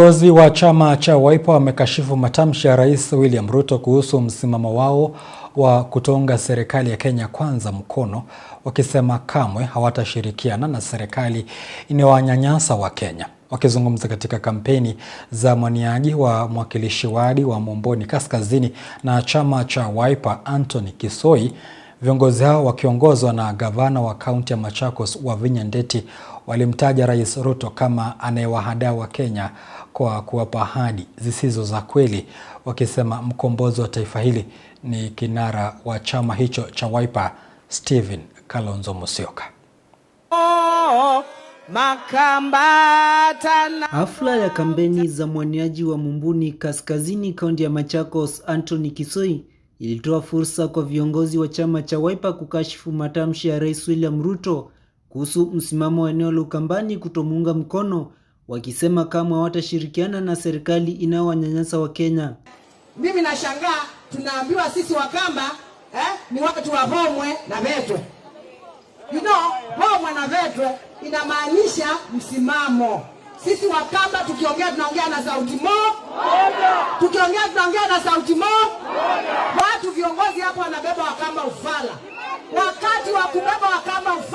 Viongozi wa chama cha Wiper wamekashifu matamshi ya Rais William Ruto kuhusu msimamo wao wa kutounga serikali ya Kenya Kwanza mkono, wakisema kamwe hawatashirikiana na serikali inayowanyanyasa kenya Wakizungumza katika kampeni za mwaniaji wa mwakilishi wadi wa momboni Kaskazini na chama cha Wiper Anthony Kisoi, viongozi hao wakiongozwa na gavana wa kaunti ya Machakos Wavinya Ndeti walimtaja Rais Ruto kama anayewahadaa wa kenya kwa kuwapa ahadi zisizo za kweli, wakisema mkombozi wa taifa hili ni kinara wa chama hicho cha Wiper Stephen Kalonzo Musyoka. Hafla ya kampeni za mwaniaji wa Mumbuni Kaskazini, kaunti ya Machakos, Anthony Kisoi ilitoa fursa kwa viongozi wa chama cha Wiper kukashifu matamshi ya Rais William Ruto kuhusu msimamo wa eneo la Ukambani kutomuunga mkono, wakisema kamwe hawatashirikiana na serikali inayowanyanyasa Wakenya. Mimi nashangaa tunaambiwa sisi Wakamba eh, ni watu wa Bomwe na Vetwe. You know, Bomwe na Vetwe inamaanisha msimamo. Sisi Wakamba tukiongea tunaongea na sauti mo, tukiongea tunaongea na sauti mo. Watu viongozi hapo wanabeba Wakamba ufala, wakati wa kubeba Wakamba ufala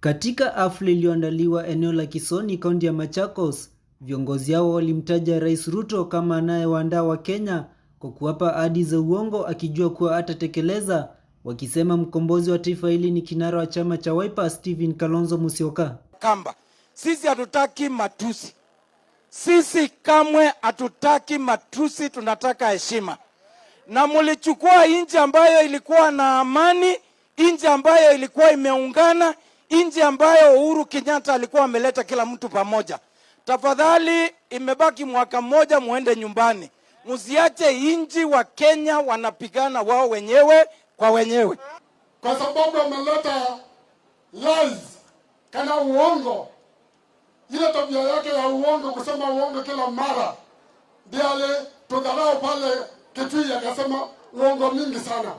katika hafla iliyoandaliwa eneo la Kisoni, kaunti ya Machakos, viongozi hao walimtaja Rais Ruto kama anayewaandaa kenya kwa kuwapa ahadi za uongo akijua kuwa atatekeleza, wakisema mkombozi wa taifa hili ni kinara wa chama cha Wiper Stephen Kalonzo Musyoka. Kamba, sisi hatutaki matusi, sisi kamwe hatutaki matusi, tunataka heshima. Na mulichukua nchi ambayo ilikuwa na amani nchi ambayo ilikuwa imeungana, nchi ambayo Uhuru Kenyatta alikuwa ameleta kila mtu pamoja. Tafadhali, imebaki mwaka mmoja, muende nyumbani, msiache nchi wa Kenya wanapigana wao wenyewe kwa wenyewe, kwa sababu ameleta lies kana uongo, ile tabia yake ya uongo, kusema uongo kila mara, ndiye aliyetudharau pale Kitui akasema uongo mingi sana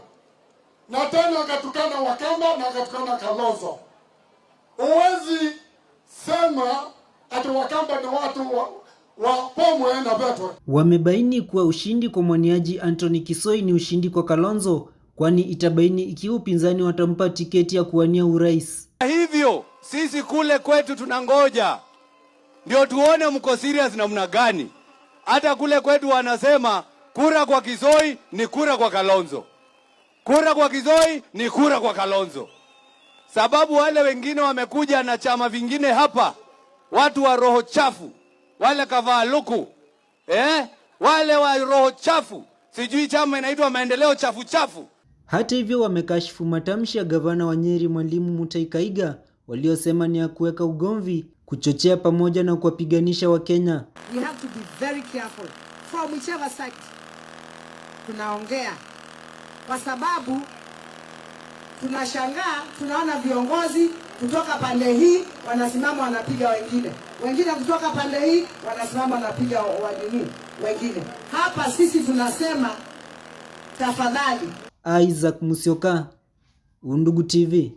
na tena akatukana Wakamba na akatukana Kalonzo. Huwezi sema ati Wakamba ni watu wa wapomwe na Wamebaini kuwa ushindi kwa mwaniaji Anthony Kisoi ni ushindi kwa Kalonzo, kwani itabaini ikiwa upinzani watampa tiketi ya kuwania urais. Hivyo sisi kule kwetu tunangoja ndio tuone mko serious namna gani. Hata kule kwetu wanasema kura kwa Kisoi ni kura kwa Kalonzo. Kura kwa kizoi ni kura kwa Kalonzo, sababu wale wengine wamekuja na chama vingine hapa, watu wa roho chafu, wale luku eh? wale wa roho chafu, sijui chama inaitwa maendeleo chafu chafu. Hata hivyo, wamekashifu matamshi ya gavana wa Nyeri Mwalimu Mutahi Kahiga waliosema ni ya kuweka ugomvi, kuchochea pamoja na kuwapiganisha Wakenya. We have to be very careful from whichever side tunaongea kwa sababu tunashangaa, tunaona viongozi kutoka pande hii wanasimama wanapiga wengine, wengine kutoka pande hii wanasimama wanapiga wanini wengine. Hapa sisi tunasema tafadhali. Isaac Musyoka, Undugu TV.